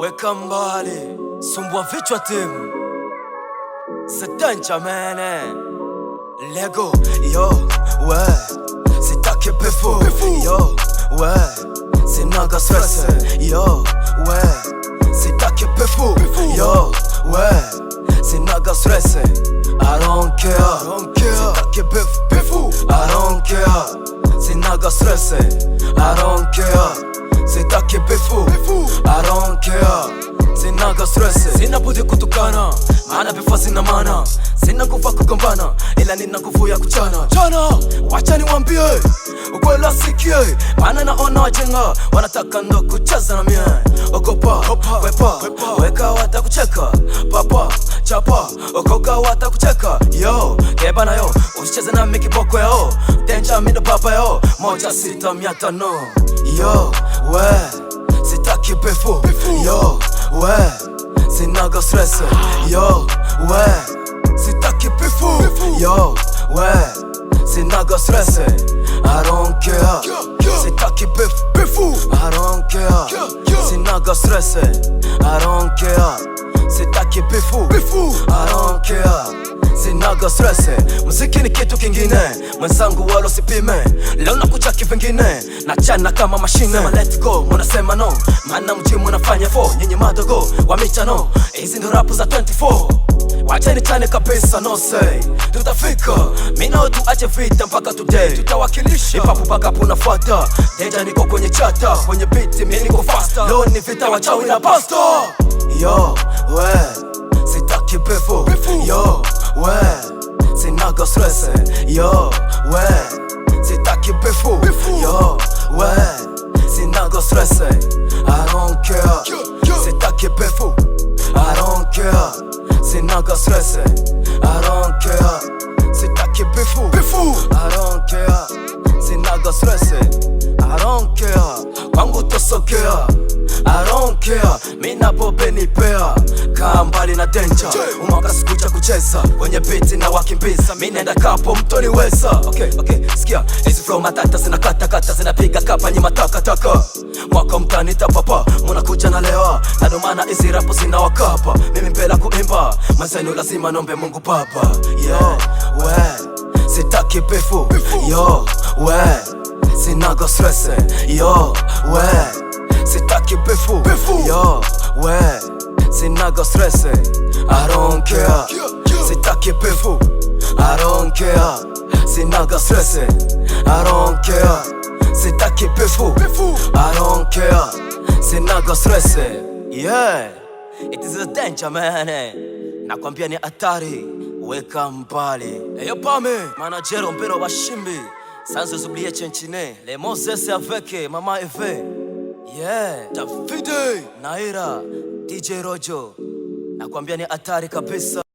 weka mbali, sumbua vichwa C'est un hein. lego yo C'est sitaki bifu yo C'est naga stressé yo we bifu yo C'est naga stressé I don't care bifu I don't care naga stress I don't care bifu usiabude kutukana, maana pefasi sina maana, sina kufa kugombana, ila nina nguvu ya kuchana chana. Wachani wambie ukweli asikie, maana naona wajenga wanataka ndo kucheza na mie. Ogopa kwepa, weka watakucheka, papa chapa, okoka watakucheka. Yo keba nayo, usicheze na mikiboko yao, tenja mido papa yao, moja sita mia tano yo we sitaki befu yo we naga stresu Yo, łe, si takie pyfu Yo, łe, si naga stresu I don't care Si takie pyf, I don't care Si naga stresu I don't care muziki pifu pifu, I don't care, sinaga stresse, Muziki ni kitu kingine, mwenzangu walo sipime. Leo nakuja kivingine, chana kama mashine. Sema let go, muna sema no, maana mjimu nafanya fo. Nyinyi madogo wa no, hizi ndo rapu za 24 Wacha ni chane kabisa, no say, tutafika mina mino, ache vita mpaka today, tutawakilisha Ipapu ipapo puna fata, deja Niko kwenye chata, kwenye biti, mimi niko faster. Leo ni vita wachawi na pasto yo we pyfu Yo, ouais, c'est nago stressé, Yo, ouais, c'est taki pyfu Yo, ouais, c'est nago stressé, I don't care, c'est taki pyfu I don't care, c'est nago stresy I don't care, c'est taki fou, I don't care, c'est nago stresy I don't care, 광고 떴어 care kea mina pope pea kaa mbali na denja umaka siku cha kucheza wenye biti na wakimbiza minenda kapo mtoni wesa okay, okay, sikia hizi flow matata zinakatakata zinapiga kapa nyima takataka mwaka mtani tapapa munakuja na lewa nadomana hizi rapo wakapa mimi mpela kuimba mazenu lazima nombe mungu baba yo we sitaki bifu yo we sinago strese yo we sitaki takie pyfu Yo, we c'est nago stresy eh. I don't care C'est takie pyfu I don't care C'est nago stresy eh. I don't care C'est takie pyfu I don't care C'est nago stresy eh. Yeah, it is a danger man Nakwambia ni hatari, weka mbali Eyo pame, manajero mpero wa shimbi Sans oublier Chenchine, les mots c'est avec Maman Eve Yeah, Davide Naira DJ Rojo, nakwambia ni hatari kabisa.